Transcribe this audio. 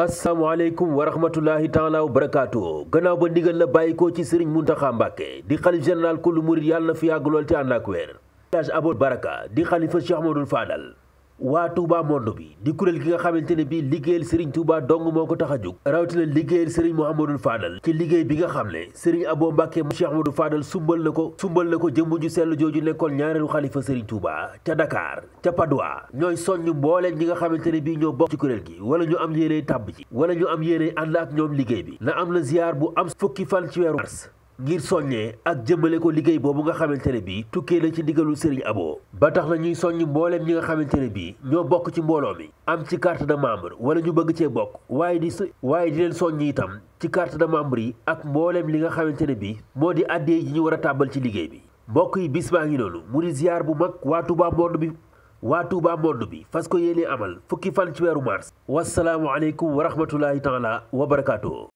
asalaamaaleykum wa rahmatullahi taala wa barakaatu gannaaw ba ndigal la bàyyikoo ci sëriñ Muntaxa Mbàkke di xalif général kullu murit yàlla na fi yàgg lool te ànd ak wér. Alaaji Abdou Baraka di xalifa Cheikh Ahmadoul Fadal waa Touba Monde bi di kuréel gi nga xamante ne bii liggéeyal Serigne Touba dong moo ko tax a jóg rawatina liggéeyal Serigne Mouhamadou faadal ci liggéey bi nga xam ne Serigne Abo Mbacke Cheikh Amadou Fadal sumbal na ko sumbal na ko jëmm ju sell jooju nekkoon ñaareelu xalifa Serigne Touba ca Dakar ca Padoa ñooy soññ mbooleen ñi nga xamante ne bii ñoo bokk ci kuréel gi wala ñu am yéene tàbb ji wala ñu am yéene ànd ak ñoom liggéey bi na am na ziar bu am fukki fan ci weeru ngir soññee ak jëmale ko liggéey boobu nga xamante ne bii tukkee na ci ndigalul Serigne aboo ba tax na ñuy soññ mbooleem ñi nga xamante ne bii ñoo bokk ci mbooloo mi am ci carte de membre wala ñu bëgg cee bokk waaye di waaye di leen soññ itam ci carte de membre yi ak mbooleem li nga xamante ne bii moo di àddee ji ñu war a tàbbal ci liggéey bi mbokk yi bis maa ngi noonu mu di ziar bu mag waa Touba monde bi waa Touba monde bi fas ko yéene amal fukki fan ci weeru mars wasalaamualeykum wa rahmatulahi taala wa barakaatu.